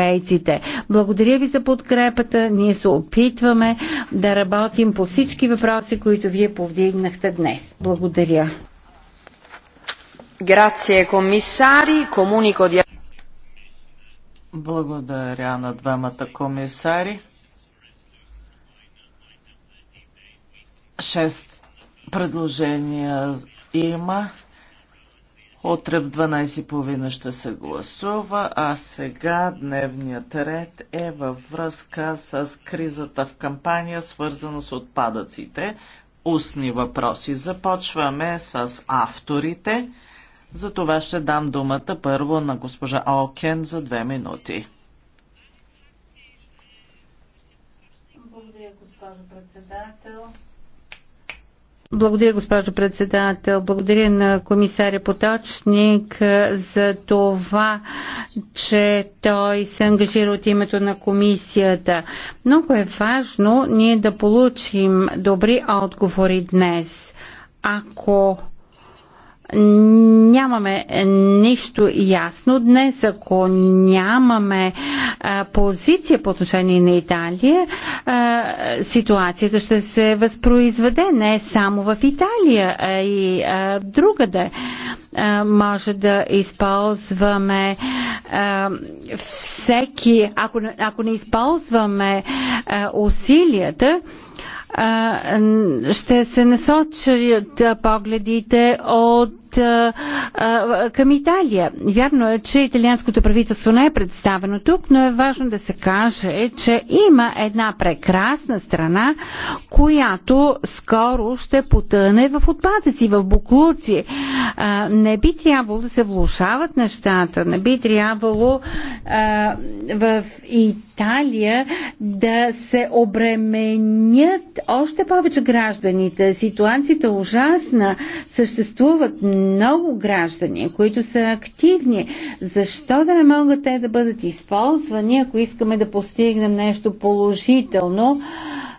европейците. Благодаря ви за подкрепата. Ние се опитваме да работим по всички въпроси, които вие повдигнахте днес. Благодаря. Грация, комисари. Комунико ди... Благодаря на двамата комисари. Шест предложения има. Утре в 12.30 ще се гласува, а сега дневният ред е във връзка с кризата в кампания, свързана с отпадъците. Устни въпроси. Започваме с авторите. За това ще дам думата първо на госпожа Окен за две минути. Благодаря, госпожо председател. Благодаря, госпожо председател. Благодаря на комисаря Поточник за това, че той се ангажира от името на комисията. Много е важно ние да получим добри отговори днес. Ако нямаме нищо ясно днес, ако нямаме позиция по отношение на Италия, ситуацията ще се възпроизведе не само в Италия, а и другаде. може да използваме всеки, ако, ако не използваме усилията, ще се насочат погледите от към Италия. Вярно е, че италианското правителство не е представено тук, но е важно да се каже, че има една прекрасна страна, която скоро ще потъне в отпадъци, в буклуци. не би трябвало да се влушават нещата, не би трябвало в Италия да се обременят още повече гражданите. Ситуацията е ужасна. Съществуват много граждани, които са активни. Защо да не могат те да бъдат използвани, ако искаме да постигнем нещо положително?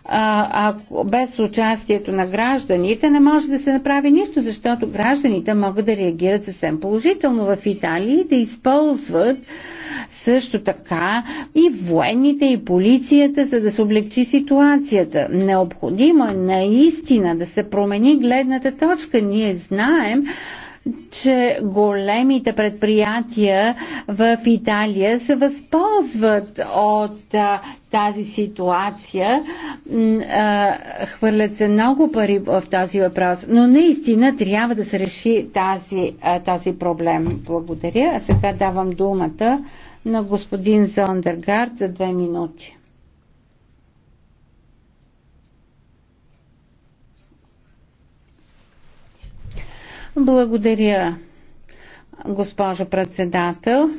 а, без участието на гражданите не може да се направи нищо, защото гражданите могат да реагират съвсем положително в Италия и да използват също така и военните, и полицията, за да се облегчи ситуацията. Необходимо е наистина да се промени гледната точка. Ние знаем, че големите предприятия в Италия се възползват от а, тази ситуация. А, хвърлят се много пари в този въпрос, но наистина трябва да се реши тази, а, този проблем. Благодаря. А сега давам думата на господин Зондергард за две минути. Благодаря, госпожо председател.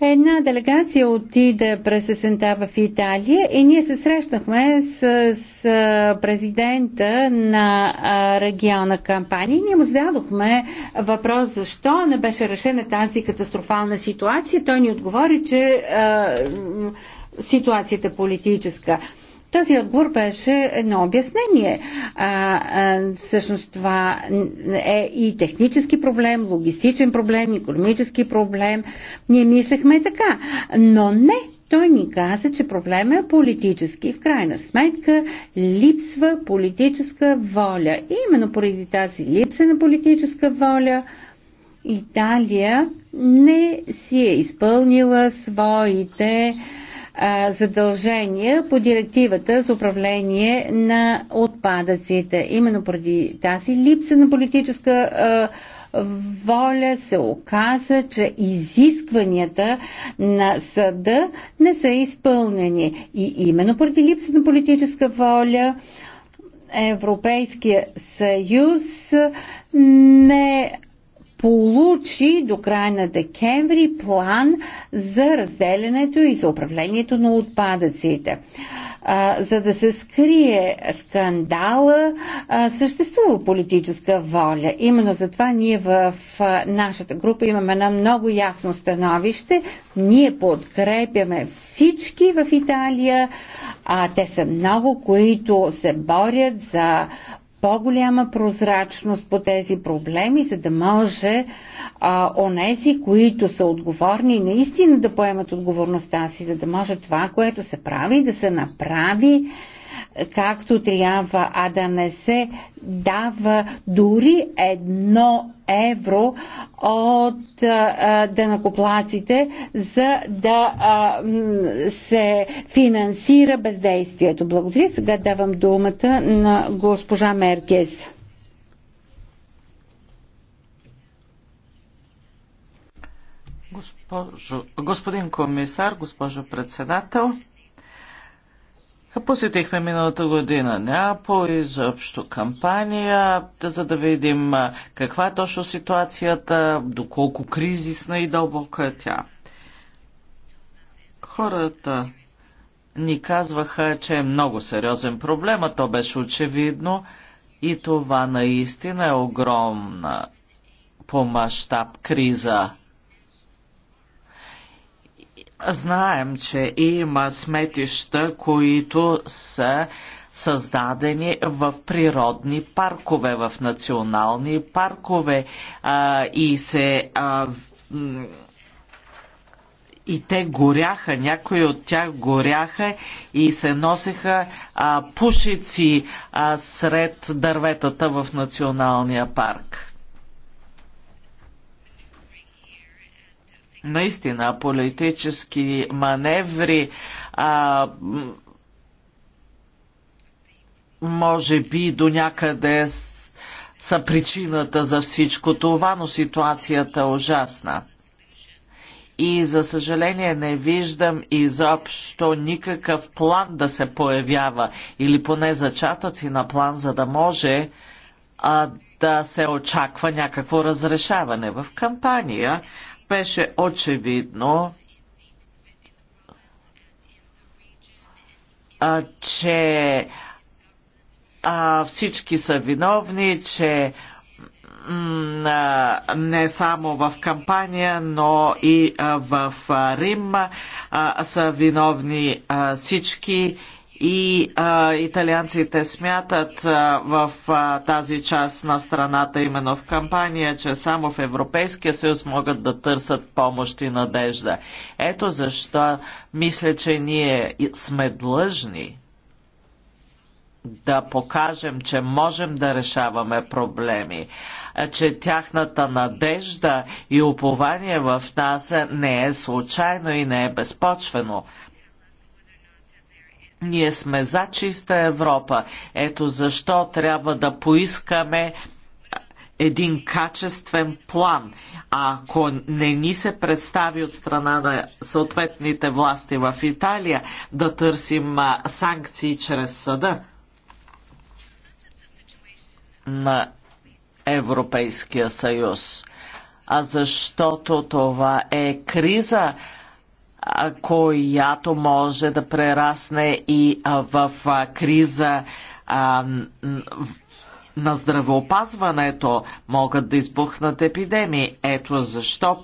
Една делегация отиде през есента в Италия и ние се срещнахме с, с президента на региона кампания. Ние му зададохме въпрос защо не беше решена тази катастрофална ситуация. Той ни отговори, че а, ситуацията е политическа. Този отговор беше едно обяснение. А, а, всъщност това е и технически проблем, логистичен проблем, економически проблем. Ние мислехме така, но не той ни каза, че проблема е политически. В крайна сметка липсва политическа воля. И именно поради тази липса на политическа воля Италия не си е изпълнила своите задължения по директивата за управление на отпадъците. Именно поради тази липса на политическа воля се оказа, че изискванията на съда не са изпълнени. И именно поради липса на политическа воля Европейския съюз не получи до края на декември план за разделянето и за управлението на отпадъците. А, за да се скрие скандала, а, съществува политическа воля. Именно затова ние в а, нашата група имаме едно много ясно становище. Ние подкрепяме всички в Италия. А, те са много, които се борят за по-голяма прозрачност по тези проблеми, за да може а, онези, които са отговорни, наистина да поемат отговорността си, за да може това, което се прави, да се направи както трябва, а да не се дава дори едно евро от денакоплаците, за да а, се финансира бездействието. Благодаря. Сега давам думата на госпожа Меркес. Госпожо, господин комисар, госпожо председател, Посетихме миналата година Неапол и заобщо кампания, за да видим каква е точно ситуацията, доколко кризисна и дълбока е тя. Хората ни казваха, че е много сериозен проблем, а то беше очевидно и това наистина е огромна по мащаб криза. Знаем, че има сметища, които са създадени в природни паркове, в национални паркове а, и се. А, и те горяха, някои от тях горяха и се носеха а, пушици а, сред дърветата в националния парк. наистина политически маневри, а, може би до някъде са причината за всичко това, но ситуацията е ужасна. И за съжаление не виждам изобщо никакъв план да се появява или поне зачатъци на план, за да може а, да се очаква някакво разрешаване. В кампания беше очевидно, а, че а, всички са виновни, че не само в кампания, но и в Рим са виновни всички и а, италианците смятат а, в а, тази част на страната, именно в кампания, че само в Европейския съюз могат да търсят помощ и надежда. Ето защо мисля, че ние сме длъжни да покажем, че можем да решаваме проблеми, че тяхната надежда и упование в нас не е случайно и не е безпочвено. Ние сме за чиста Европа. Ето защо трябва да поискаме един качествен план. А ако не ни се представи от страна на съответните власти в Италия, да търсим санкции чрез съда на Европейския съюз. А защото това е криза, която може да прерасне и в криза на здравеопазването могат да избухнат епидемии. Ето защо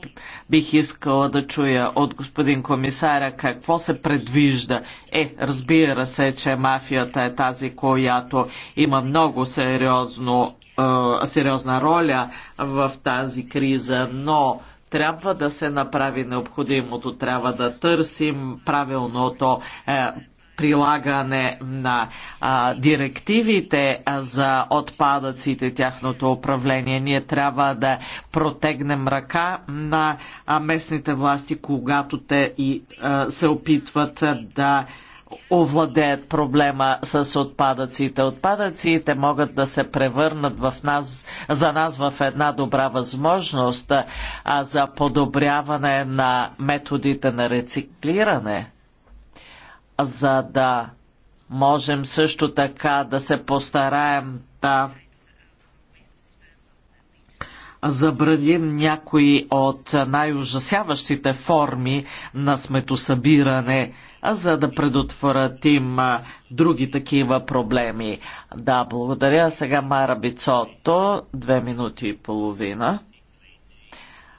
бих искала да чуя от господин комисаря какво се предвижда. Е, разбира се, че мафията е тази, която има много сериозно, е, сериозна роля в тази криза, но трябва да се направи необходимото, трябва да търсим правилното е, прилагане на а, директивите за отпадъците, тяхното управление. Ние трябва да протегнем ръка на а, местните власти, когато те и а, се опитват да овладеят проблема с отпадъците. Отпадъците могат да се превърнат в нас, за нас в една добра възможност а за подобряване на методите на рециклиране, за да можем също така да се постараем да забраним някои от най-ужасяващите форми на сметосъбиране, за да предотвратим други такива проблеми. Да, благодаря. Сега Мара Бицото, две минути и половина.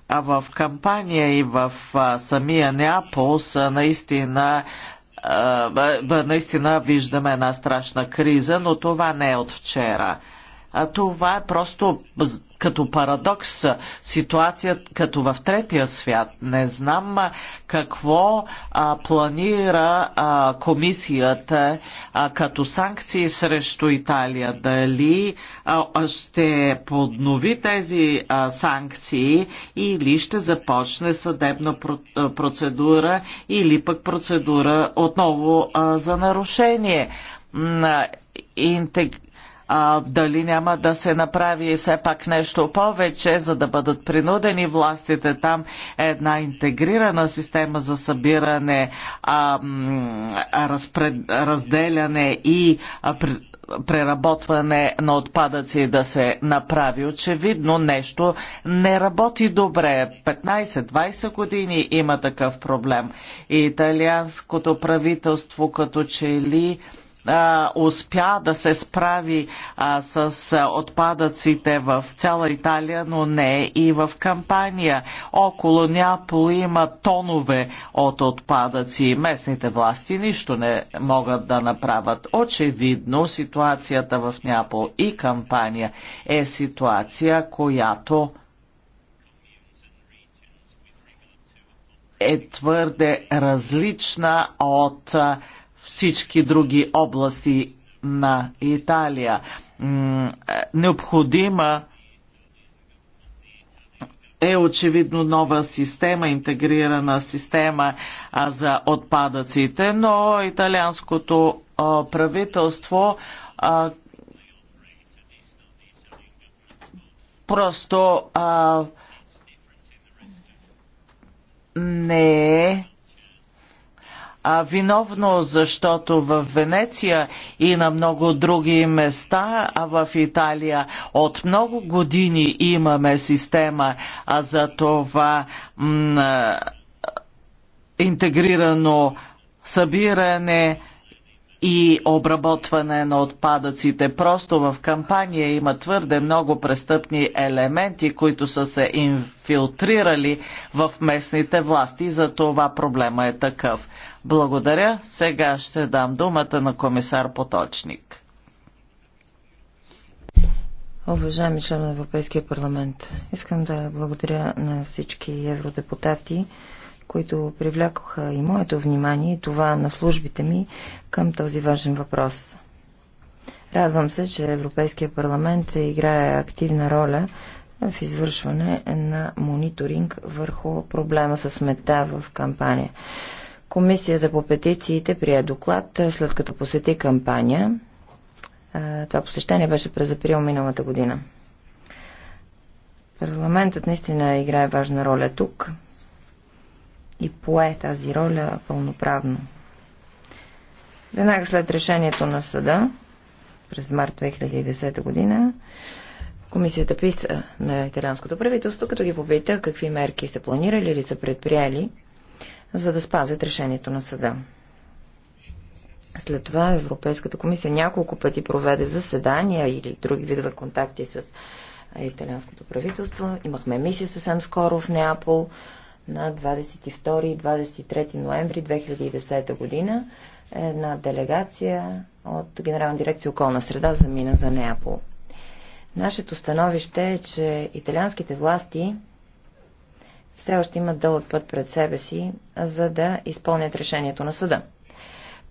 А в кампания и в самия Неапол са наистина наистина виждаме една страшна криза, но това не е от вчера това е просто като парадокс ситуация като в третия свят. Не знам какво а, планира а, комисията а, като санкции срещу Италия. Дали а, ще поднови тези а, санкции или ще започне съдебна процедура или пък процедура отново а, за нарушение. Интег а, дали няма да се направи все пак нещо повече, за да бъдат принудени властите там една интегрирана система за събиране, а, разпред, разделяне и а, преработване на отпадъци да се направи. Очевидно нещо не работи добре. 15-20 години има такъв проблем. И италианското правителство като че ли успя да се справи а, с отпадъците в цяла Италия, но не и в кампания. Около Няпол има тонове от отпадъци. Местните власти нищо не могат да направят. Очевидно ситуацията в Няпол и кампания е ситуация, която е твърде различна от всички други области на Италия. Е, необходима е очевидно нова система, интегрирана система за отпадъците, но италианското правителство просто не е а, виновно, защото в Венеция и на много други места, а в Италия от много години имаме система а за това интегрирано събиране и обработване на отпадъците. Просто в кампания има твърде много престъпни елементи, които са се инфилтрирали в местните власти. За това проблема е такъв. Благодаря. Сега ще дам думата на комисар Поточник. Уважаеми членове на Европейския парламент, искам да благодаря на всички евродепутати, които привлякоха и моето внимание, и това на службите ми към този важен въпрос. Радвам се, че Европейския парламент играе активна роля в извършване на мониторинг върху проблема с мета в кампания. Комисията по петициите прие доклад, след като посети кампания. Това посещение беше през април миналата година. Парламентът наистина играе важна роля тук и пое тази роля пълноправно. Веднага след решението на съда, през март 2010 година, комисията писа на италианското правителство, като ги попита какви мерки са планирали или са предприели за да спазят решението на съда. След това Европейската комисия няколко пъти проведе заседания или други видове контакти с италианското правителство. Имахме мисия съвсем скоро в Неапол на 22 и 23 ноември 2010 година. Една делегация от Генерална дирекция околна среда замина за Неапол. Нашето становище е, че италианските власти все още имат дълъг път пред себе си, за да изпълнят решението на съда.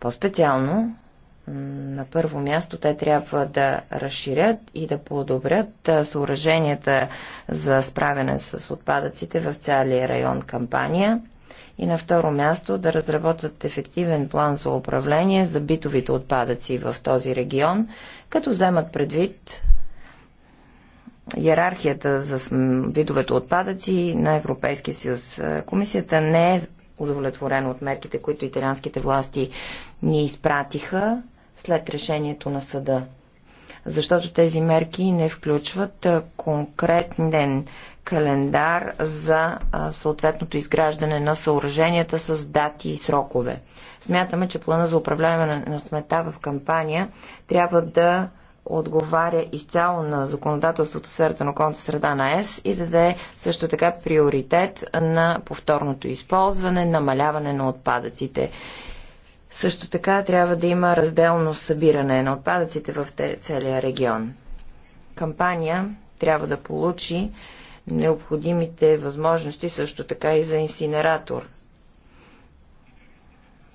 По-специално, на първо място, те трябва да разширят и да подобрят съоръженията за справяне с отпадъците в цялия район кампания и на второ място да разработят ефективен план за управление за битовите отпадъци в този регион, като вземат предвид иерархията за видовете отпадъци на Европейския съюз. Е, комисията не е удовлетворена от мерките, които италианските власти ни изпратиха след решението на съда. Защото тези мерки не включват е, конкретен календар за е, съответното изграждане на съоръженията с дати и срокове. Смятаме, че плана за управляване на смета в кампания трябва да отговаря изцяло на законодателството в сферата на околната среда на ЕС и да даде също така приоритет на повторното използване, намаляване на отпадъците. Също така трябва да има разделно събиране на отпадъците в целия регион. Кампания трябва да получи необходимите възможности също така и за инсинератор.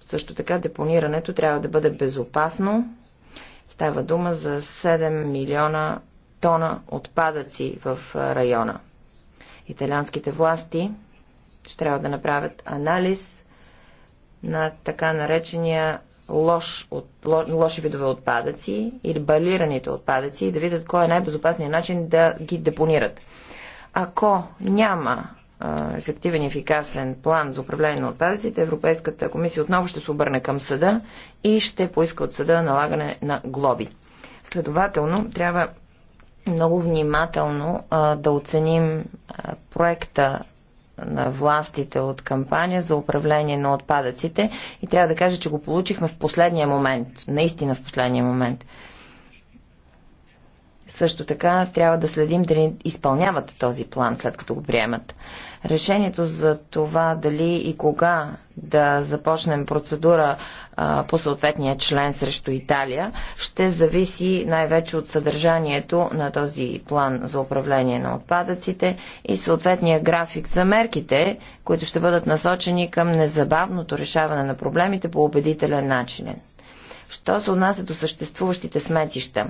Също така депонирането трябва да бъде безопасно Става дума за 7 милиона тона отпадъци в района. Италианските власти ще трябва да направят анализ на така наречения лош, от, лоши видове отпадъци или балираните отпадъци и да видят кой е най-безопасният начин да ги депонират. Ако няма ефективен и ефикасен план за управление на отпадъците, Европейската комисия отново ще се обърне към съда и ще поиска от съда налагане на глоби. Следователно, трябва много внимателно а, да оценим а, проекта на властите от кампания за управление на отпадъците и трябва да кажа, че го получихме в последния момент, наистина в последния момент. Също така трябва да следим дали изпълняват този план, след като го приемат. Решението за това дали и кога да започнем процедура а, по съответния член срещу Италия ще зависи най-вече от съдържанието на този план за управление на отпадъците и съответния график за мерките, които ще бъдат насочени към незабавното решаване на проблемите по убедителен начин. Що се отнася до съществуващите сметища?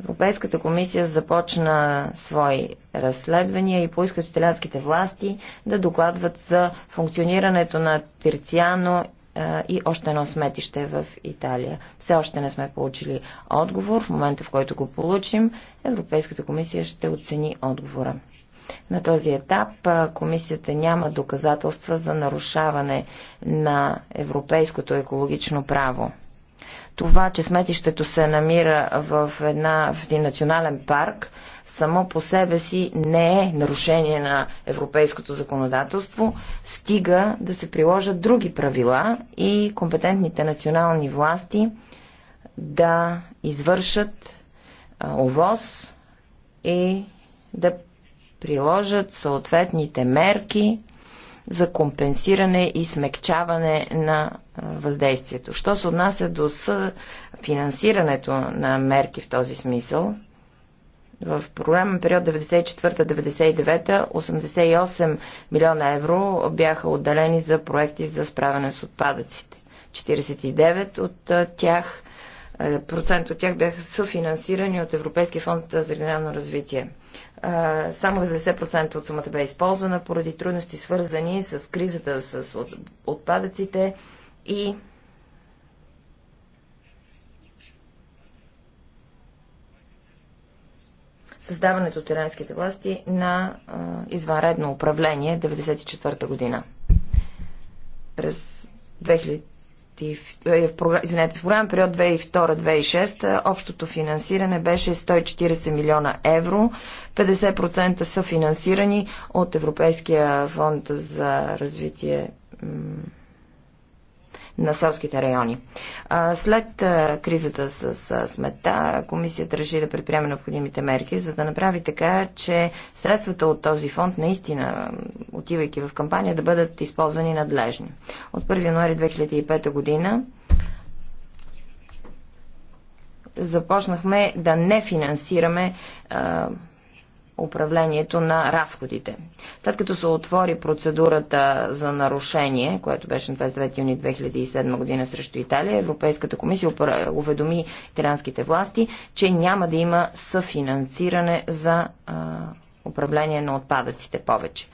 Европейската комисия започна свои разследвания и поиска от италианските власти да докладват за функционирането на Тирциано е, и още едно сметище в Италия. Все още не сме получили отговор. В момента, в който го получим, Европейската комисия ще оцени отговора. На този етап е, комисията няма доказателства за нарушаване на европейското екологично право. Това, че сметището се намира в, една, в един национален парк, само по себе си не е нарушение на европейското законодателство, стига да се приложат други правила и компетентните национални власти да извършат овоз и да приложат съответните мерки за компенсиране и смекчаване на въздействието. Що се отнася до финансирането на мерки в този смисъл, в програмен период 94-99 88 милиона евро бяха отделени за проекти за справяне с отпадъците. 49 от тях е, процент от тях бяха съфинансирани от Европейския фонд за регионално развитие. Само 90% от сумата бе използвана поради трудности, свързани с кризата с отпадъците и създаването от иранските власти на извънредно управление 1994 година. През 2000... Е, в, извинете, в програмен период 2002-2006 общото финансиране беше 140 милиона евро. 50% са финансирани от Европейския фонд за развитие на селските райони. След кризата с смета, комисията реши да предприеме необходимите мерки, за да направи така, че средствата от този фонд наистина отивайки в кампания, да бъдат използвани надлежно. От 1 януари 2005 година започнахме да не финансираме а, управлението на разходите. След като се отвори процедурата за нарушение, което беше на 29 юни 2007 година срещу Италия, Европейската комисия уведоми италианските власти, че няма да има съфинансиране за а, управление на отпадъците повече.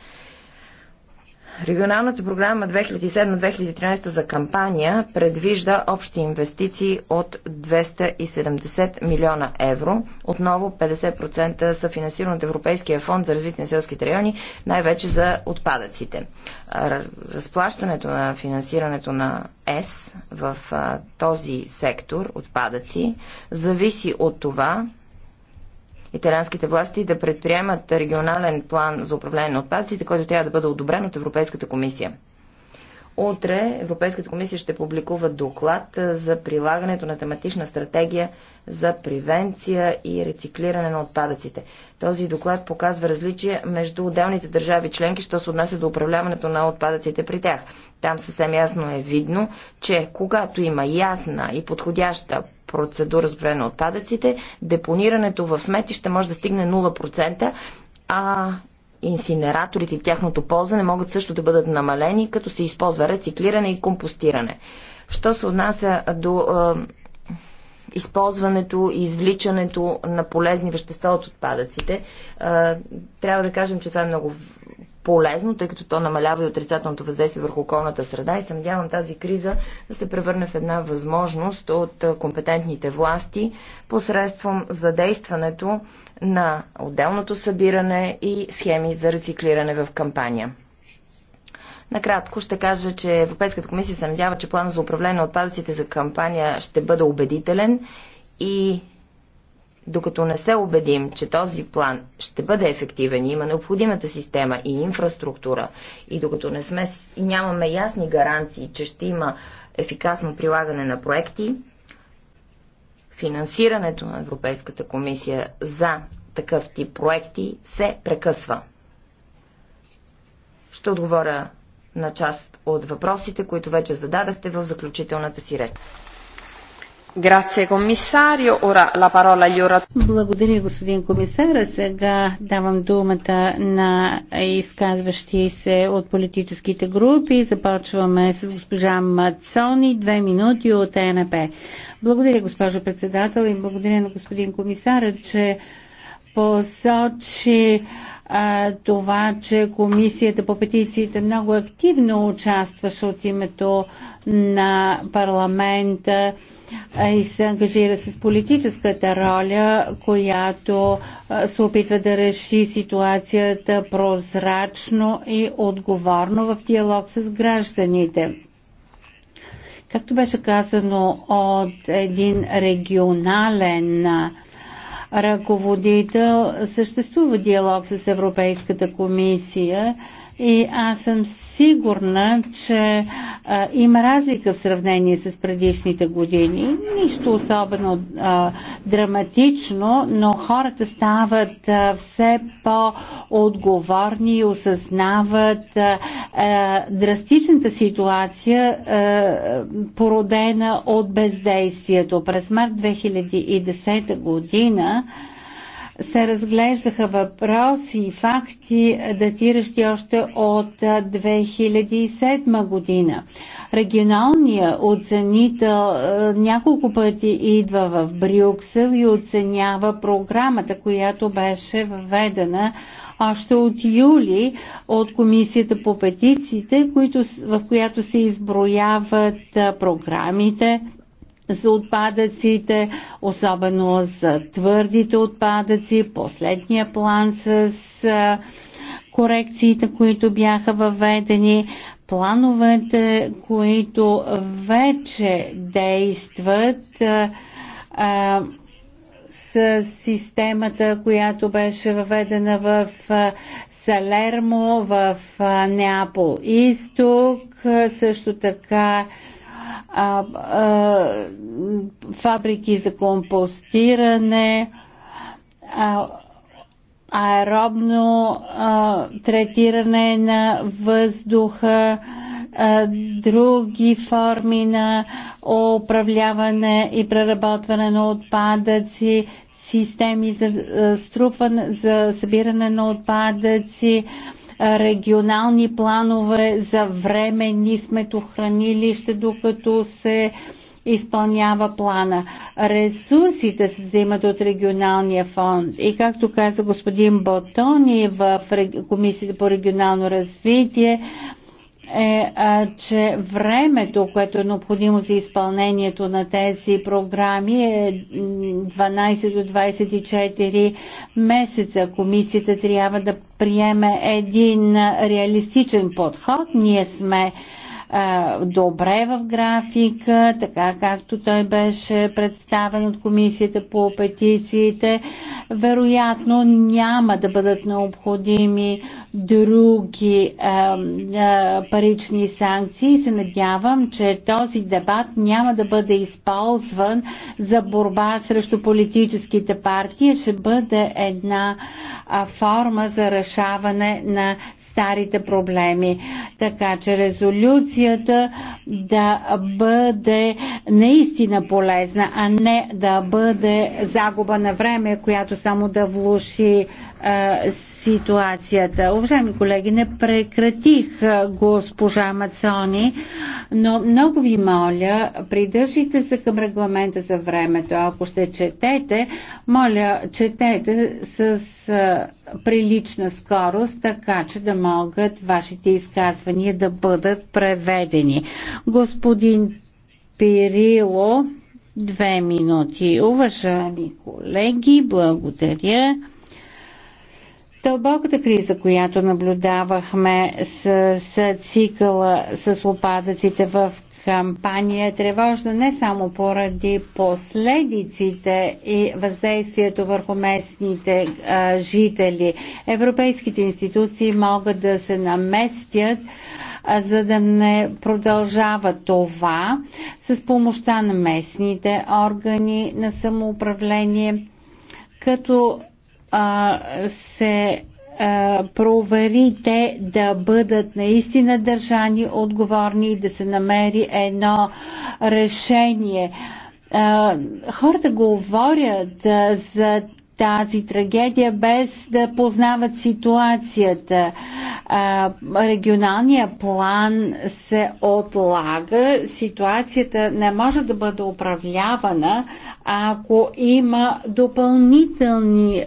Регионалната програма 2007-2013 за кампания предвижда общи инвестиции от 270 милиона евро. Отново 50% са финансирани от Европейския фонд за развитие на селските райони, най-вече за отпадъците. Разплащането на финансирането на ЕС в този сектор отпадъци зависи от това италианските власти да предприемат регионален план за управление на отпадците, който трябва да бъде одобрен от Европейската комисия. Утре Европейската комисия ще публикува доклад за прилагането на тематична стратегия за превенция и рециклиране на отпадъците. Този доклад показва различия между отделните държави членки, що се отнася до управляването на отпадъците при тях. Там съвсем ясно е видно, че когато има ясна и подходяща процедура с управление на отпадъците, депонирането в сметище може да стигне 0%, а инсинераторите и тяхното ползване могат също да бъдат намалени, като се използва рециклиране и компостиране. Що се отнася до е, използването и извличането на полезни вещества от отпадъците, е, трябва да кажем, че това е много полезно, тъй като то намалява и отрицателното въздействие върху околната среда и се надявам тази криза да се превърне в една възможност от компетентните власти посредством задействането на отделното събиране и схеми за рециклиране в кампания. Накратко ще кажа, че Европейската комисия се надява, че план за управление на отпадъците за кампания ще бъде убедителен и докато не се убедим, че този план ще бъде ефективен и има необходимата система и инфраструктура, и докато не сме, нямаме ясни гаранции, че ще има ефикасно прилагане на проекти, финансирането на Европейската комисия за такъв тип проекти се прекъсва. Ще отговоря на част от въпросите, които вече зададахте в заключителната си реч. Благодаря, господин комисар. Сега давам думата на изказващи се от политическите групи. Започваме с госпожа Мацони. Две минути от ЕНП. Благодаря, госпожо председател и благодаря на господин комисар, че посочи това, че комисията по петициите много активно участваше от името на парламента и се ангажира с политическата роля, която се опитва да реши ситуацията прозрачно и отговорно в диалог с гражданите. Както беше казано от един регионален ръководител, съществува диалог с Европейската комисия и аз съм сигурна, че а, има разлика в сравнение с предишните години. Нищо особено а, драматично, но хората стават а, все по-отговорни и осъзнават а, а, драстичната ситуация, а, породена от бездействието. През март 2010 година се разглеждаха въпроси и факти, датиращи още от 2007 година. Регионалният оценител няколко пъти идва в Брюксел и оценява програмата, която беше введена още от юли от Комисията по петициите, в която се изброяват програмите, за отпадъците, особено за твърдите отпадъци, последния план с корекциите, които бяха въведени, плановете, които вече действат а, с системата, която беше въведена в Салермо, в Неапол Исток, също така а, а, фабрики за компостиране, а, аеробно а, третиране на въздуха, а, други форми на управляване и преработване на отпадъци, системи за, а, струпване, за събиране на отпадъци, а, регионални планове за временни хранилище, докато се изпълнява плана. Ресурсите се взимат от регионалния фонд и както каза господин Ботони в Комисията по регионално развитие, е, а, че времето, което е необходимо за изпълнението на тези програми е 12 до 24 месеца. Комисията трябва да приеме един реалистичен подход. Ние сме добре в графика, така както той беше представен от комисията по петициите. Вероятно няма да бъдат необходими други а, а, парични санкции. Се надявам, че този дебат няма да бъде използван за борба срещу политическите партии, ще бъде една а, форма за решаване на старите проблеми. Така че резолюция комисията да бъде наистина полезна, а не да бъде загуба на време, която само да влуши а, ситуацията. Уважаеми колеги, не прекратих а, госпожа Мацони, но много ви моля, придържите се към регламента за времето. Ако ще четете, моля, четете с а, прилична скорост, така че да могат вашите изказвания да бъдат преведени. Господин Пирило, две минути. Уважаеми колеги, благодаря. Дълбоката криза, която наблюдавахме с, с цикъла с опадъците в кампания е тревожна не само поради последиците и въздействието върху местните а, жители. Европейските институции могат да се наместят за да не продължава това с помощта на местните органи на самоуправление, като а, се а, провери те да бъдат наистина държани отговорни и да се намери едно решение хората говорят за тази трагедия, без да познават ситуацията. Регионалният план се отлага, ситуацията не може да бъде управлявана, ако има допълнителни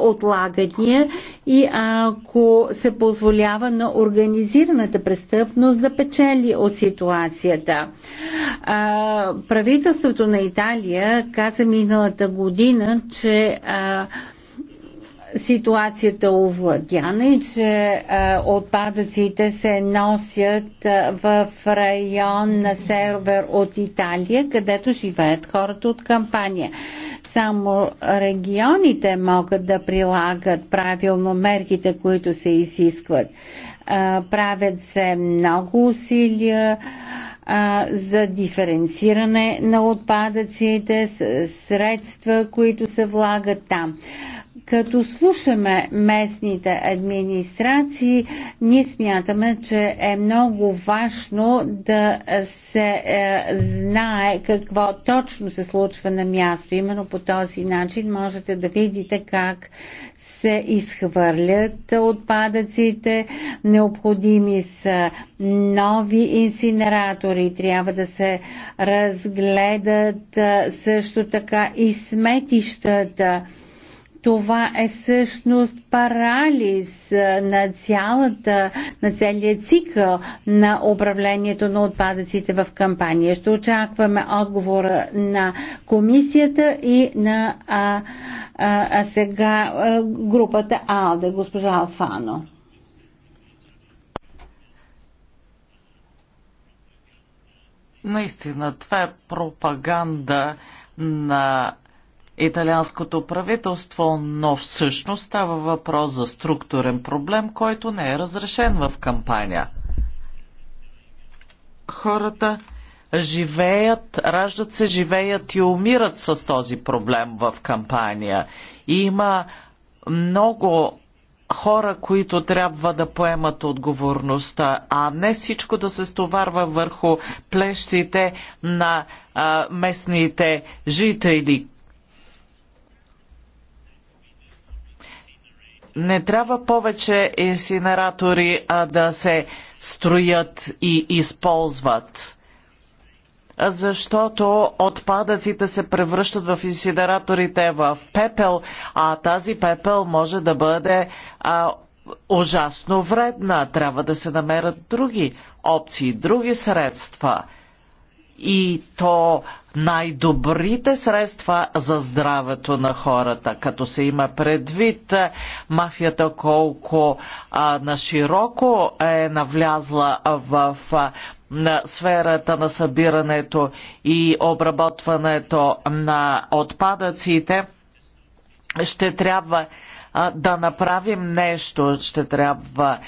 отлагания и ако се позволява на организираната престъпност да печели от ситуацията. Правителството на Италия каза миналата година, година, че а, ситуацията е овладяна и че а, отпадъците се носят а, в район на сервер от Италия, където живеят хората от кампания. Само регионите могат да прилагат правилно мерките, които се изискват. А, правят се много усилия. А, а, за диференциране на отпадъците, средства, които се влагат там. Като слушаме местните администрации, ние смятаме, че е много важно да се е, знае какво точно се случва на място. Именно по този начин можете да видите как се изхвърлят отпадъците, необходими са нови инсинератори, трябва да се разгледат също така и сметищата това е всъщност парализ на, цялата, на целият цикъл на управлението на отпадъците в кампания. Ще очакваме отговора на комисията и на а, а, а сега а, групата Алда госпожа Алфано. Наистина, това е пропаганда на италианското правителство, но всъщност става въпрос за структурен проблем, който не е разрешен в кампания. Хората живеят, раждат се, живеят и умират с този проблем в кампания. И има много хора, които трябва да поемат отговорността, а не всичко да се стоварва върху плещите на а, местните жители, не трябва повече инсинератори а да се строят и използват. Защото отпадъците се превръщат в инсинераторите в пепел, а тази пепел може да бъде а, ужасно вредна. Трябва да се намерят други опции, други средства – и то най-добрите средства за здравето на хората, като се има предвид е, мафията колко а, нашироко е навлязла в а, на сферата на събирането и обработването на отпадъците, ще трябва а, да направим нещо, ще трябва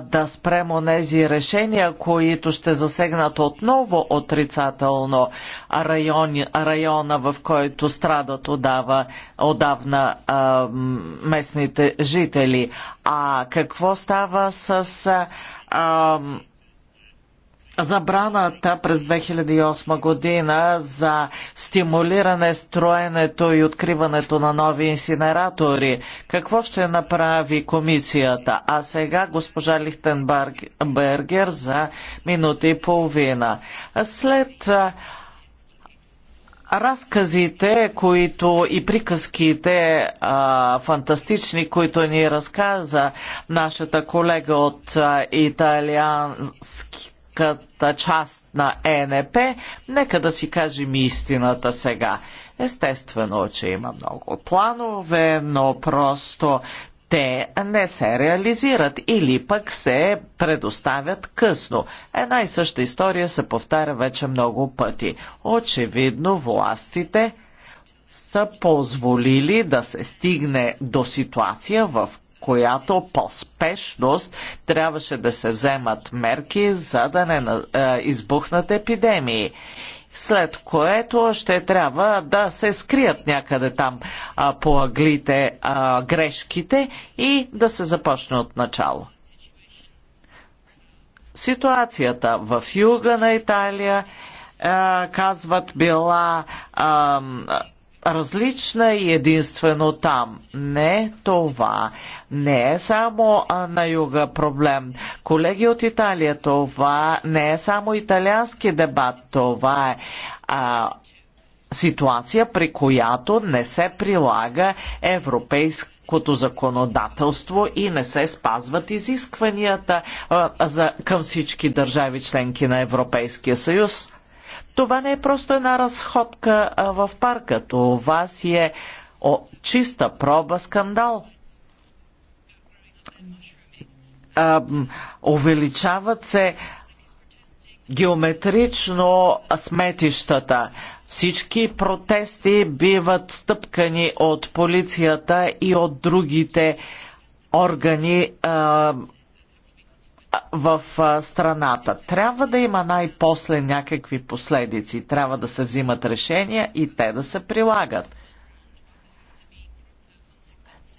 да спрем онези решения, които ще засегнат отново отрицателно райони, района, в който страдат отдава, отдавна а, местните жители. А какво става с а, забраната през 2008 година за стимулиране строенето и откриването на нови инсинератори. Какво ще направи комисията? А сега госпожа Лихтенбергер за минута и половина. След разказите, които и приказките а, фантастични, които ни разказа нашата колега от а, италиански политическата част на ЕНП, нека да си кажем истината сега. Естествено, че има много планове, но просто те не се реализират или пък се предоставят късно. Една и съща история се повтаря вече много пъти. Очевидно, властите са позволили да се стигне до ситуация, в която по спешност трябваше да се вземат мерки, за да не е, избухнат епидемии след което ще трябва да се скрият някъде там а, по аглите а, грешките и да се започне от начало. Ситуацията в юга на Италия, а, е, казват, била а, различна и единствено там. Не това. Не е само на юга проблем. Колеги от Италия, това не е само италиански дебат. Това е а, ситуация, при която не се прилага европейски като законодателство и не се спазват изискванията а, за, към всички държави членки на Европейския съюз. Това не е просто една разходка в парка. Това си е о, чиста проба скандал. А, увеличават се геометрично сметищата. Всички протести биват стъпкани от полицията и от другите органи, а, в страната. Трябва да има най-после някакви последици. Трябва да се взимат решения и те да се прилагат.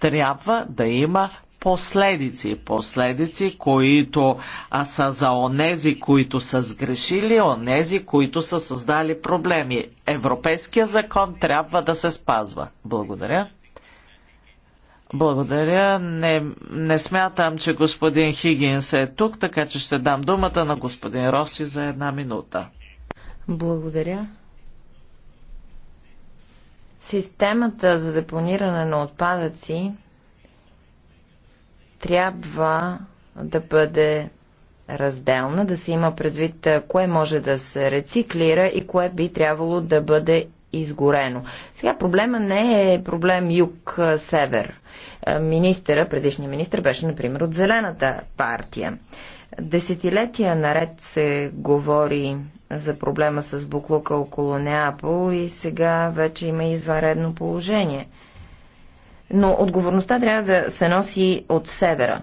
Трябва да има последици. Последици, които а са за онези, които са сгрешили, онези, които са създали проблеми. Европейския закон трябва да се спазва. Благодаря. Благодаря. Не, не смятам, че господин Хигинс е тук, така че ще дам думата на господин Роси за една минута. Благодаря. Системата за депониране на отпадъци трябва да бъде разделна, да се има предвид кое може да се рециклира и кое би трябвало да бъде изгорено. Сега проблема не е проблем юг-север министъра, предишния министър беше, например, от Зелената партия. Десетилетия наред се говори за проблема с буклука около Неапол и сега вече има извънредно положение. Но отговорността трябва да се носи от севера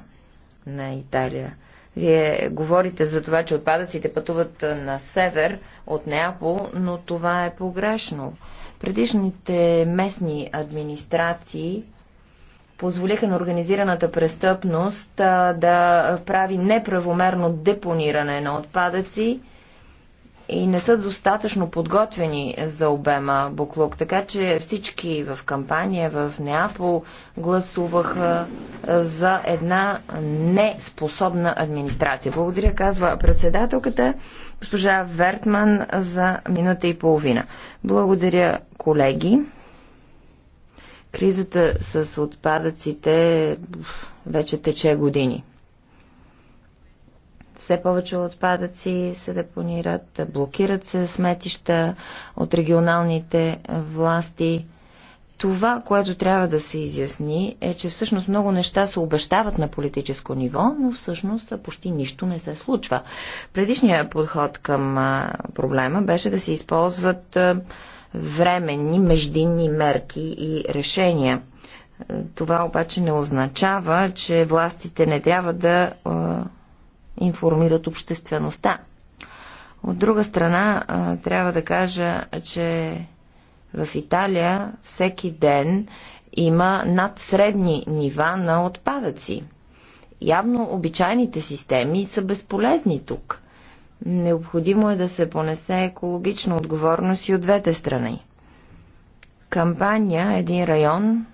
на Италия. Вие говорите за това, че отпадъците пътуват на север от Неапол, но това е погрешно. Предишните местни администрации позволиха на организираната престъпност а, да прави неправомерно депониране на отпадъци и не са достатъчно подготвени за обема буклук. Така че всички в кампания в Неапол гласуваха за една неспособна администрация. Благодаря, казва председателката госпожа Вертман за минута и половина. Благодаря, колеги. Кризата с отпадъците вече тече години. Все повече отпадъци се депонират, блокират се сметища от регионалните власти. Това, което трябва да се изясни, е, че всъщност много неща се обещават на политическо ниво, но всъщност почти нищо не се случва. Предишният подход към проблема беше да се използват временни междинни мерки и решения. Това обаче не означава, че властите не трябва да информират обществеността. От друга страна, трябва да кажа, че в Италия всеки ден има над средни нива на отпадъци. Явно обичайните системи са безполезни тук. Необходимо е да се понесе екологична отговорност и от двете страни. Кампания, е един район,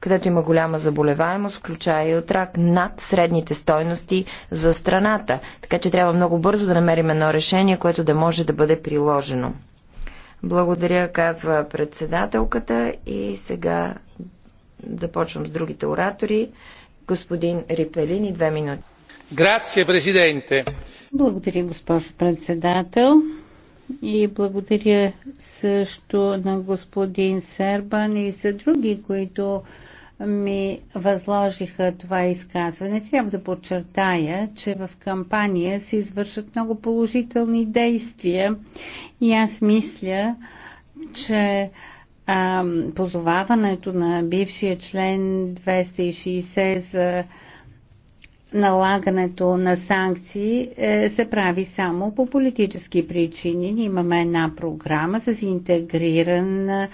където има голяма заболеваемост, включая и от рак, над средните стойности за страната. Така че трябва много бързо да намерим едно решение, което да може да бъде приложено. Благодаря, казва председателката и сега започвам с другите оратори. Господин Рипелин и две минути. Благодаря, госпожо председател. И благодаря също на господин Сербан и за други, които ми възложиха това изказване. Трябва да подчертая, че в кампания се извършат много положителни действия и аз мисля, че а, позоваването на бившия член 260 за налагането на санкции е, се прави само по политически причини. Ние имаме една програма с интегриран е,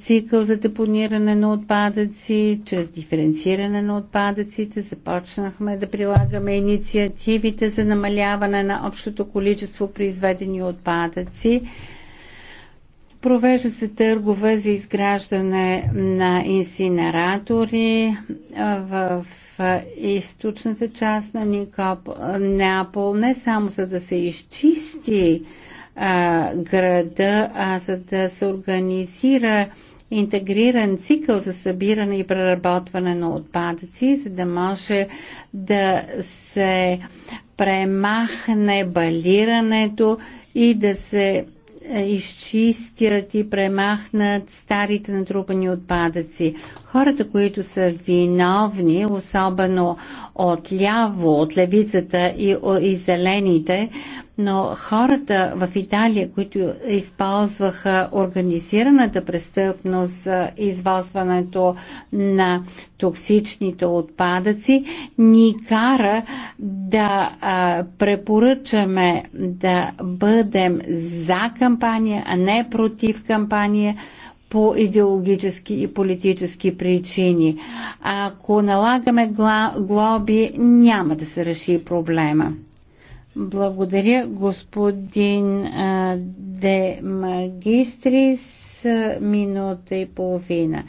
цикъл за депониране на отпадъци, чрез диференциране на отпадъците. Започнахме да прилагаме инициативите за намаляване на общото количество произведени отпадъци Провеждат се търгове за изграждане на инсинератори в източната част на Никоп, Неапол, не само за да се изчисти а, града, а за да се организира интегриран цикъл за събиране и преработване на отпадъци, за да може да се премахне балирането и да се е, изчистят и премахнат старите натрупани отпадъци. Хората, които са виновни, особено от ляво, от левицата и, и зелените, но хората в Италия, които използваха организираната престъпност за извозването на токсичните отпадъци, ни кара да а, препоръчаме да бъдем за кампания, а не против кампания по идеологически и политически причини. Ако налагаме глоби, няма да се реши проблема. Благодаря, господин Де Магистрис минута и половина.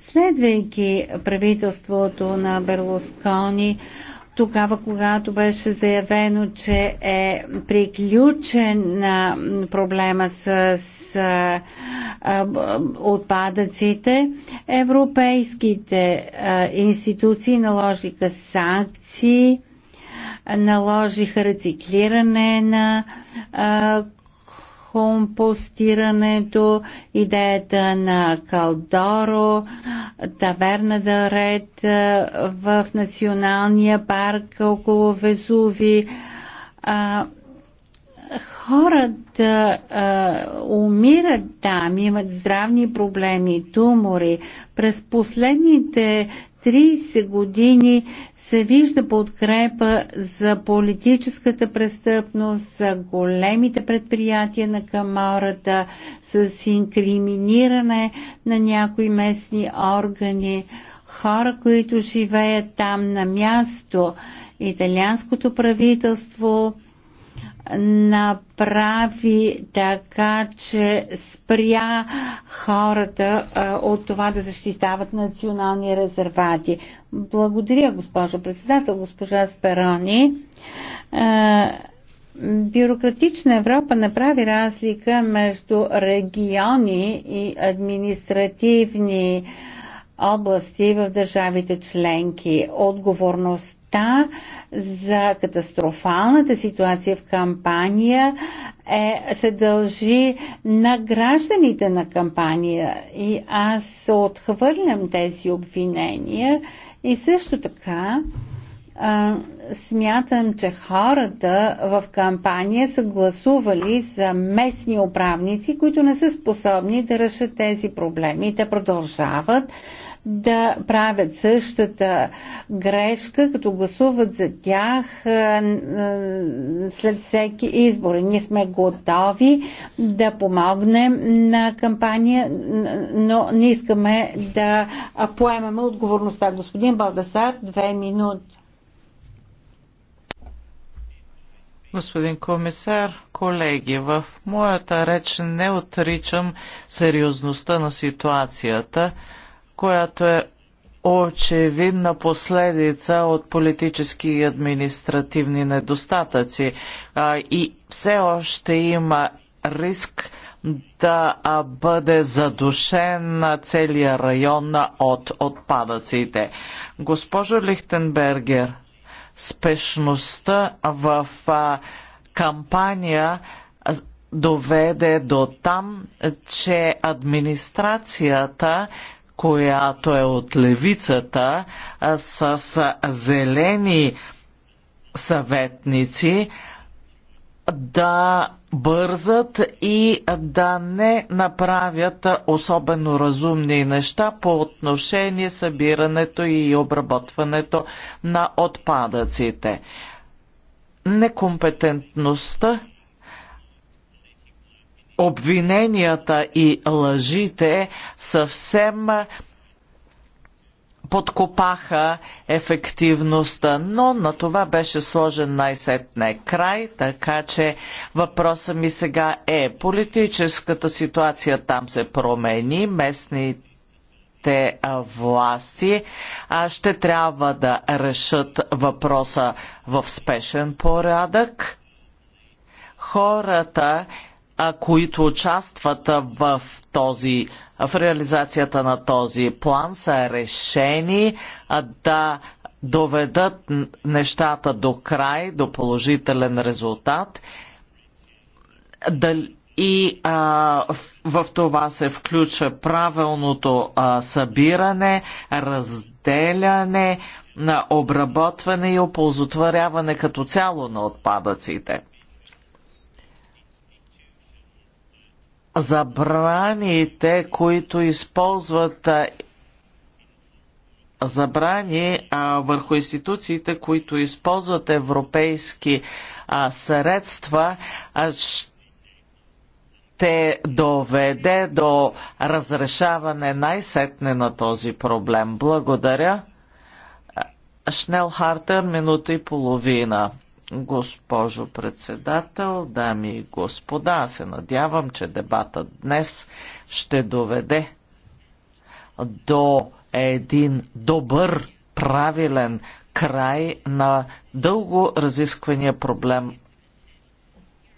Следвайки правителството на Берлоскони тогава, когато беше заявено, че е приключен на проблема с отпадъците, европейските институции наложиха санкции наложиха рециклиране на а, компостирането, идеята на Калдоро, таверна да ред в националния парк около Везуви. А, хората а, умират там, имат здравни проблеми, тумори. През последните 30 години се вижда подкрепа за политическата престъпност, за големите предприятия на камората, с инкриминиране на някои местни органи, хора, които живеят там на място. Италианското правителство направи така, че спря хората а, от това да защитават национални резервати. Благодаря, госпожо председател, госпожа Сперони. А, бюрократична Европа направи разлика между региони и административни области в държавите членки. Отговорността памета за катастрофалната ситуация в кампания е, се дължи на гражданите на кампания и аз отхвърлям тези обвинения и също така а, смятам, че хората в кампания са гласували за местни управници, които не са способни да решат тези проблеми. Те продължават да правят същата грешка, като гласуват за тях е, е, след всеки избор. Ние сме готови да помогнем на кампания, но не искаме да поемаме отговорността. Господин Балдасар, две минути. Господин комисар, колеги, в моята реч не отричам сериозността на ситуацията която е очевидна последица от политически и административни недостатъци. И все още има риск да бъде задушен на целия район от отпадъците. Госпожо Лихтенбергер, спешността в кампания доведе до там, че администрацията която е от левицата с зелени съветници, да бързат и да не направят особено разумни неща по отношение събирането и обработването на отпадъците. Некомпетентността обвиненията и лъжите съвсем подкопаха ефективността, но на това беше сложен най-сетне край, така че въпросът ми сега е политическата ситуация там се промени, местните местните власти ще трябва да решат въпроса в спешен порядък. Хората които участват в, този, в реализацията на този план, са решени да доведат нещата до край, до положителен резултат. И а, в, в това се включва правилното а, събиране, разделяне, на обработване и оползотворяване като цяло на отпадъците. забраните, които използват забрани а, върху институциите, които използват европейски а, средства, а, ще доведе до разрешаване най-сетне на този проблем. Благодаря. Шнел Хартер, минута и половина. Госпожо председател, дами и господа, аз се надявам, че дебатът днес ще доведе до един добър, правилен край на дълго разисквания проблем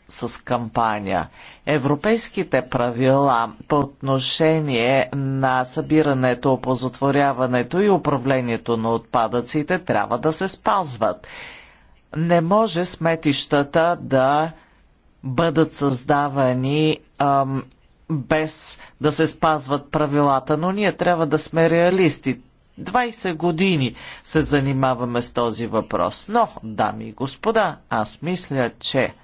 с кампания. Европейските правила по отношение на събирането, опозотворяването и управлението на отпадъците трябва да се спазват не може сметищата да бъдат създавани ам, без да се спазват правилата, но ние трябва да сме реалисти. 20 години се занимаваме с този въпрос. Но, дами и господа, аз мисля, че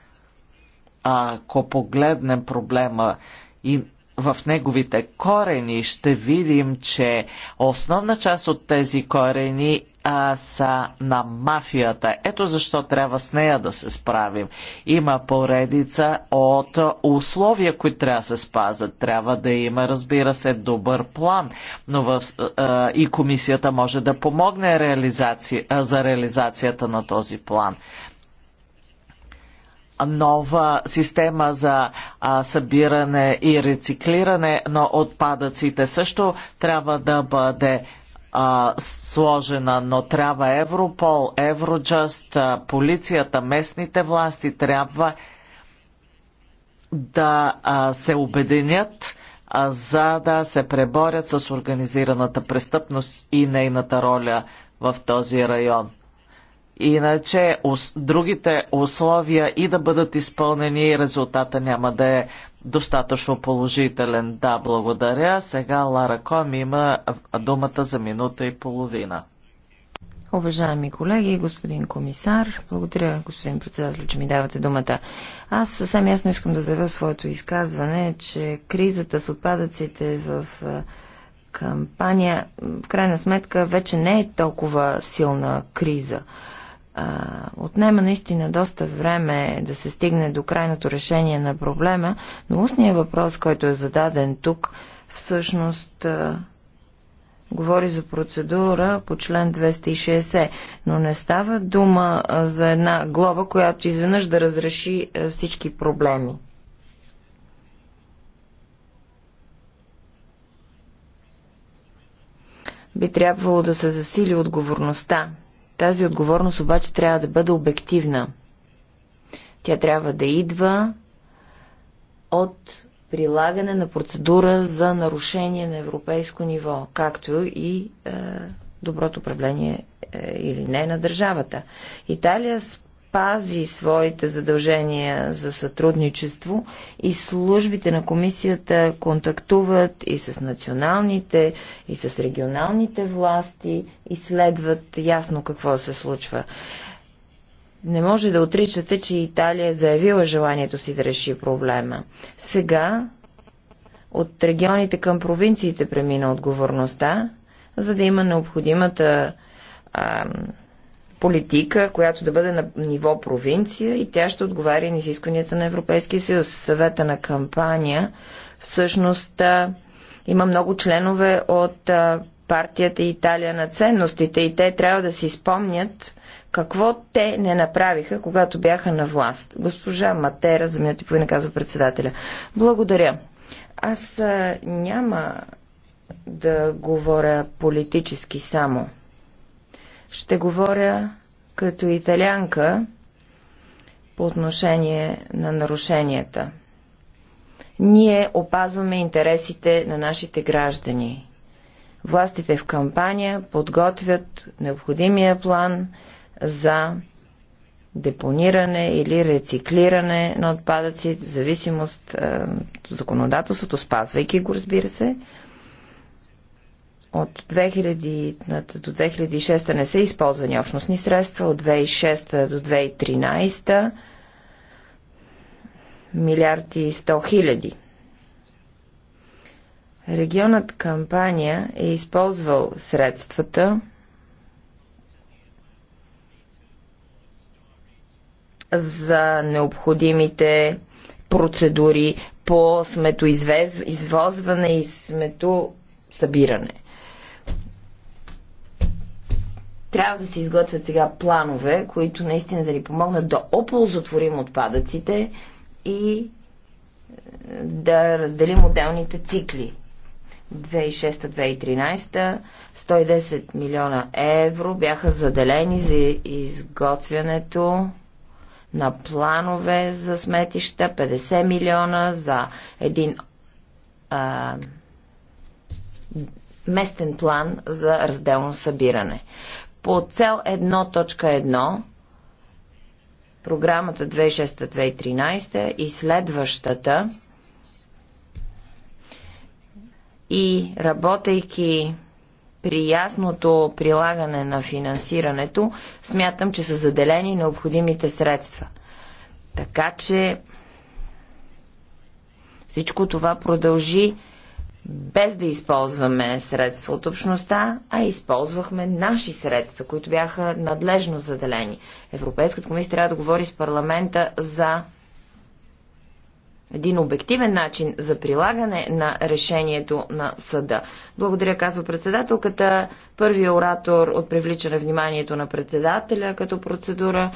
ако погледнем проблема и в неговите корени, ще видим, че основна част от тези корени а, са на мафията. Ето защо трябва с нея да се справим. Има поредица от условия, които трябва да се спазят. Трябва да има, разбира се, добър план, но в, а, и комисията може да помогне реализаци... а, за реализацията на този план нова система за а, събиране и рециклиране на отпадъците също трябва да бъде а, сложена, но трябва Европол, Евроджаст, полицията, местните власти трябва да а, се обединят, а, за да се преборят с организираната престъпност и нейната роля в този район. Иначе ос, другите условия и да бъдат изпълнени, резултата няма да е достатъчно положителен. Да, благодаря. Сега Лара Ком има думата за минута и половина. Уважаеми колеги, господин комисар, благодаря, господин председател, че ми давате думата. Аз съвсем ясно искам да заявя своето изказване, че кризата с отпадъците в кампания, в крайна сметка, вече не е толкова силна криза а, отнема наистина доста време да се стигне до крайното решение на проблема, но устният въпрос, който е зададен тук, всъщност а, говори за процедура по член 260, но не става дума а, за една глоба, която изведнъж да разреши а, всички проблеми. Би трябвало да се засили отговорността тази отговорност обаче трябва да бъде обективна. Тя трябва да идва от прилагане на процедура за нарушение на европейско ниво, както и е, доброто управление е, или не на държавата. Италия спази своите задължения за сътрудничество и службите на комисията контактуват и с националните, и с регионалните власти и следват ясно какво се случва. Не може да отричате, че Италия е заявила желанието си да реши проблема. Сега от регионите към провинциите премина отговорността, за да има необходимата а, политика, която да бъде на ниво провинция и тя ще отговаря на изискванията на Европейския съюз. Съвета на кампания всъщност има много членове от партията Италия на ценностите и те трябва да си спомнят какво те не направиха, когато бяха на власт. Госпожа Матера, за минути половина казва председателя. Благодаря. Аз няма да говоря политически само. Ще говоря като италянка по отношение на нарушенията. Ние опазваме интересите на нашите граждани. Властите в кампания подготвят необходимия план за депониране или рециклиране на отпадъци, в зависимост е, от законодателството, спазвайки го, разбира се, от 2000 до 2006 не са използвани общностни средства, от 2006 до 2013 милиарди и 100 хиляди. Регионът кампания е използвал средствата за необходимите процедури по сметоизвозване и сметосъбиране. Трябва да се изготвят сега планове, които наистина да ни помогнат да оползотворим отпадъците и е, да разделим отделните цикли. 2006-2013 110 милиона евро бяха заделени за изготвянето на планове за сметища, 50 милиона за един а, местен план за разделно събиране. По цел 1.1 програмата 2006-2013 и следващата и работейки при ясното прилагане на финансирането, смятам, че са заделени необходимите средства. Така че всичко това продължи без да използваме средства от общността, а използвахме наши средства, които бяха надлежно заделени. Европейската комисия трябва да говори с парламента за един обективен начин за прилагане на решението на съда. Благодаря, казва председателката. Първият оратор от привличане вниманието на председателя като процедура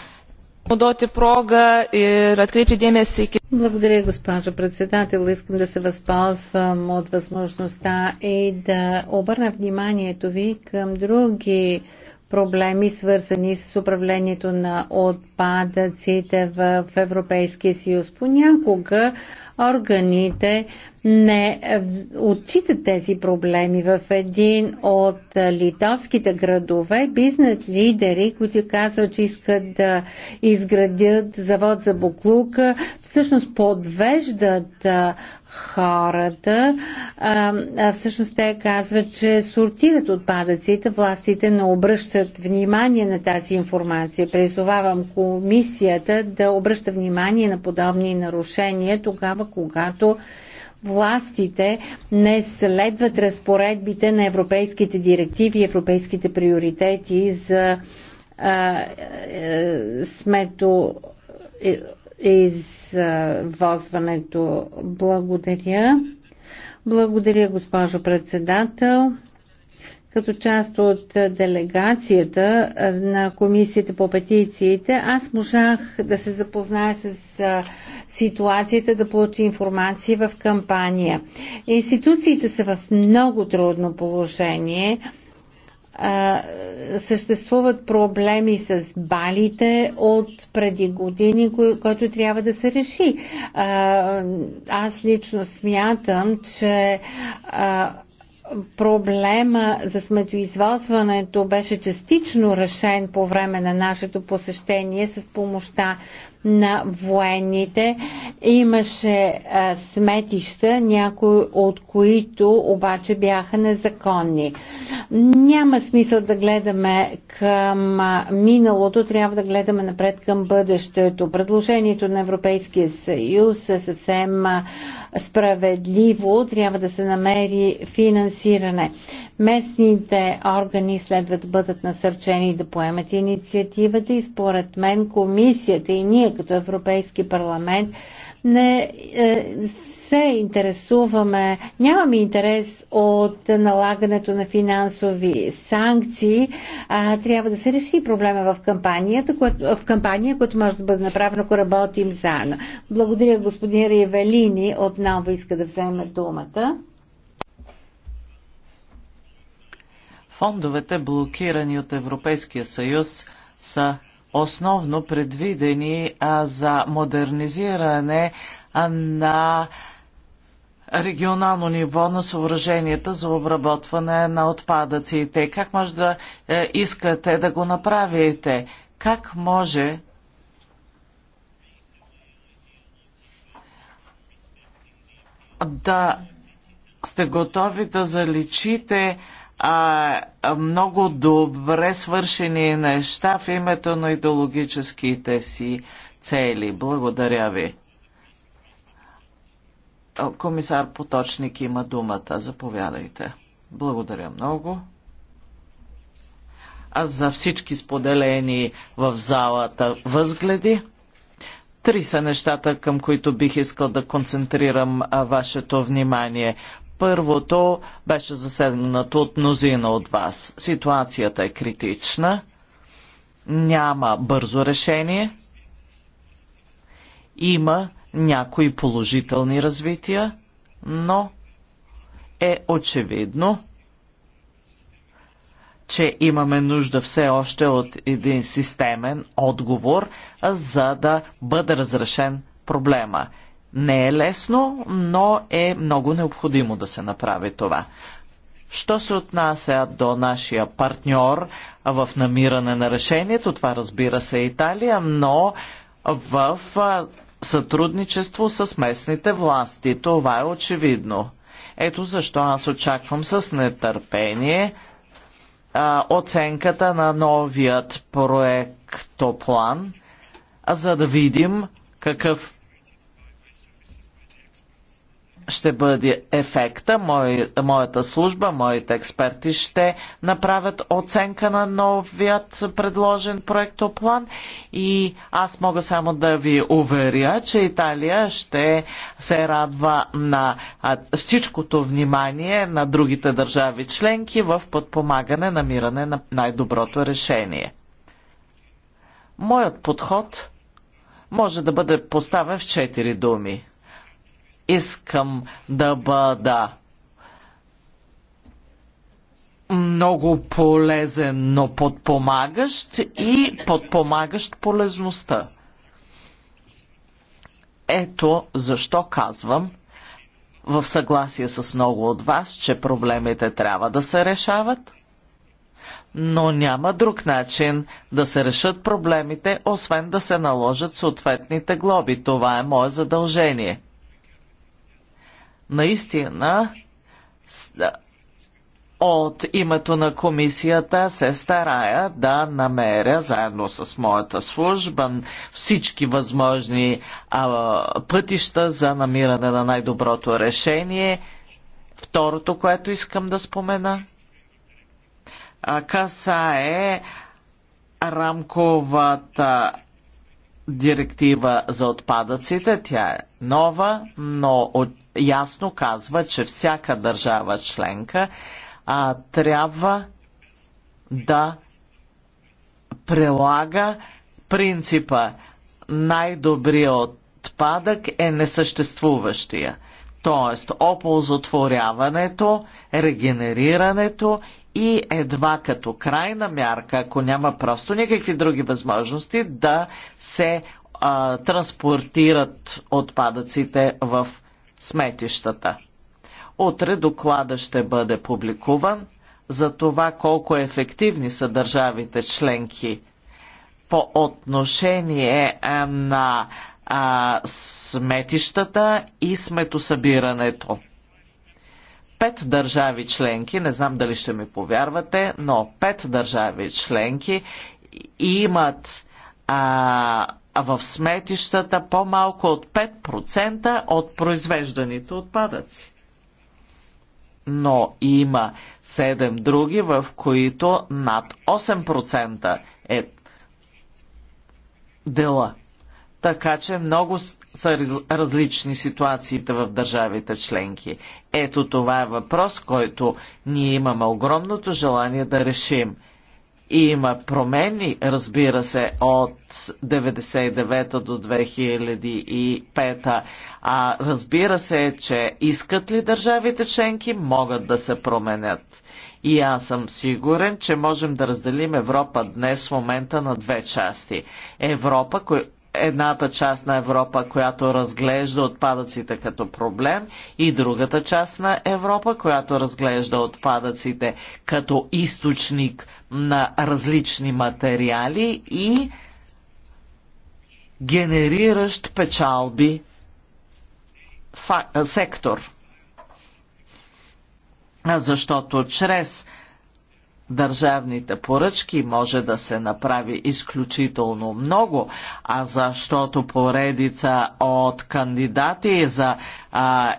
благодаря, госпожо председател. Искам да се възползвам от възможността и да обърна вниманието ви към други проблеми, свързани с управлението на отпадъците в Европейския съюз. Понякога органите не е, отчитат тези проблеми. В един от е, литовските градове бизнес лидери, които казват, че искат да изградят завод за буклука, всъщност подвеждат е, хората. А, а всъщност те казват, че сортират отпадъците. Властите не обръщат внимание на тази информация. Призовавам комисията да обръща внимание на подобни нарушения тогава, когато властите не следват разпоредбите на европейските директиви и европейските приоритети за а, е, е смето е, е, извозването. Благодаря. Благодаря, госпожо председател като част от делегацията на Комисията по петициите, аз можах да се запозная с ситуацията, да получи информация в кампания. Институциите са в много трудно положение съществуват проблеми с балите от преди години, който трябва да се реши. аз лично смятам, че проблема за сметоизвозването беше частично решен по време на нашето посещение с помощта на военните. Имаше а, сметища, някои от които обаче бяха незаконни. Няма смисъл да гледаме към миналото, трябва да гледаме напред към бъдещето. Предложението на Европейския съюз е съвсем справедливо, трябва да се намери финансиране. Местните органи следва да бъдат насърчени да поемат инициативата и според мен комисията и ние като Европейски парламент не е, се интересуваме, нямаме интерес от налагането на финансови санкции. А, трябва да се реши проблема в кампанията, в кампания, която може да бъде направена, ако работим заедно. Благодаря господин Ревелини отново иска да вземе думата. Фондовете, блокирани от Европейския съюз, са основно предвидени а, за модернизиране а, на регионално ниво на съоръженията за обработване на отпадъците. Как може да е, искате да го направите? Как може да сте готови да заличите а, много добре свършени неща в името на идеологическите си цели. Благодаря ви. Комисар Поточник има думата. Заповядайте. Благодаря много. А за всички споделени в залата възгледи. Три са нещата, към които бих искал да концентрирам вашето внимание. Първото беше засегнато от мнозина от вас. Ситуацията е критична, няма бързо решение, има някои положителни развития, но е очевидно, че имаме нужда все още от един системен отговор, за да бъде разрешен проблема. Не е лесно, но е много необходимо да се направи това. Що се отнася до нашия партньор в намиране на решението, това разбира се е Италия, но в сътрудничество с местните власти. Това е очевидно. Ето защо аз очаквам с нетърпение а, оценката на новият проектоплан, за да видим какъв ще бъде ефекта. Мой, моята служба, моите експерти ще направят оценка на новият предложен проектоплан и аз мога само да ви уверя, че Италия ще се радва на всичкото внимание на другите държави членки в подпомагане намиране на най-доброто решение. Моят подход може да бъде поставен в четири думи – искам да бъда много полезен, но подпомагащ и подпомагащ полезността. Ето защо казвам, в съгласие с много от вас, че проблемите трябва да се решават, но няма друг начин да се решат проблемите, освен да се наложат съответните глоби. Това е мое задължение наистина от името на комисията се старая да намеря заедно с моята служба всички възможни а, пътища за намиране на най-доброто решение. Второто, което искам да спомена, а, касае рамковата директива за отпадъците. Тя е нова, но от ясно казва, че всяка държава членка а, трябва да прилага принципа най-добрият отпадък е несъществуващия. Тоест, оползотворяването, регенерирането и едва като крайна мярка, ако няма просто никакви други възможности, да се а, транспортират отпадъците в сметищата. Утре доклада ще бъде публикуван за това колко ефективни са държавите членки по отношение на а, сметищата и сметосъбирането. Пет държави членки, не знам дали ще ми повярвате, но пет държави членки имат а, а в сметищата по-малко от 5% от произвежданите отпадъци. Но има 7 други, в които над 8% е дела. Така че много са различни ситуациите в държавите членки. Ето това е въпрос, който ние имаме огромното желание да решим. Има промени, разбира се, от 99 до 2005. А разбира се, че искат ли държавите членки, могат да се променят. И аз съм сигурен, че можем да разделим Европа днес в момента на две части. Европа, едната част на Европа, която разглежда отпадъците като проблем, и другата част на Европа, която разглежда отпадъците като източник на различни материали и генериращ печалби сектор. Защото чрез държавните поръчки може да се направи изключително много, а защото поредица от кандидати за а,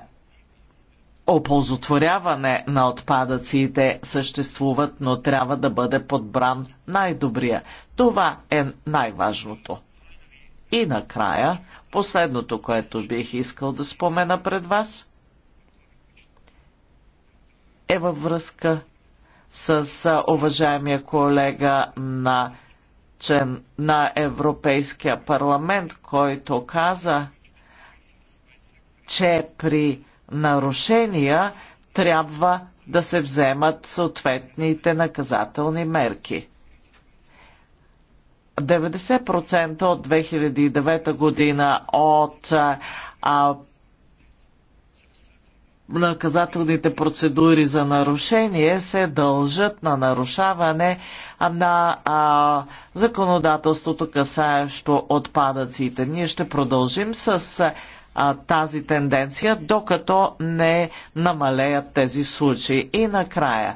оползотворяване на отпадъците съществуват, но трябва да бъде подбран най-добрия. Това е най-важното. И накрая, последното, което бих искал да спомена пред вас, е във връзка с уважаемия колега на член на Европейския парламент, който каза, че при нарушения трябва да се вземат съответните наказателни мерки. 90% от 2009 година от а, наказателните процедури за нарушение се дължат на нарушаване на а, законодателството, касаещо отпадъците. Ние ще продължим с а, тази тенденция, докато не намалеят тези случаи. И накрая,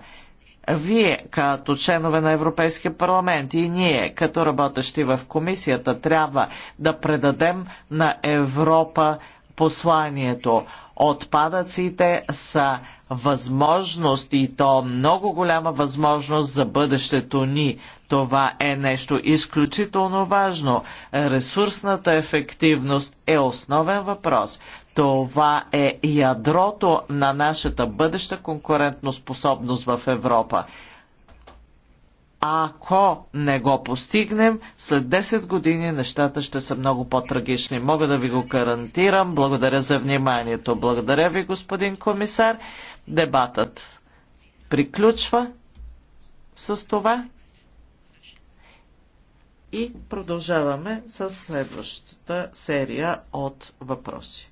вие като членове на Европейския парламент и ние като работещи в комисията трябва да предадем на Европа посланието. Отпадъците са възможност и то много голяма възможност за бъдещето ни. Това е нещо изключително важно. Ресурсната ефективност е основен въпрос. Това е ядрото на нашата бъдеща конкурентоспособност в Европа ако не го постигнем, след 10 години нещата ще са много по-трагични. Мога да ви го гарантирам. Благодаря за вниманието. Благодаря ви, господин комисар. Дебатът приключва с това и продължаваме с следващата серия от въпроси.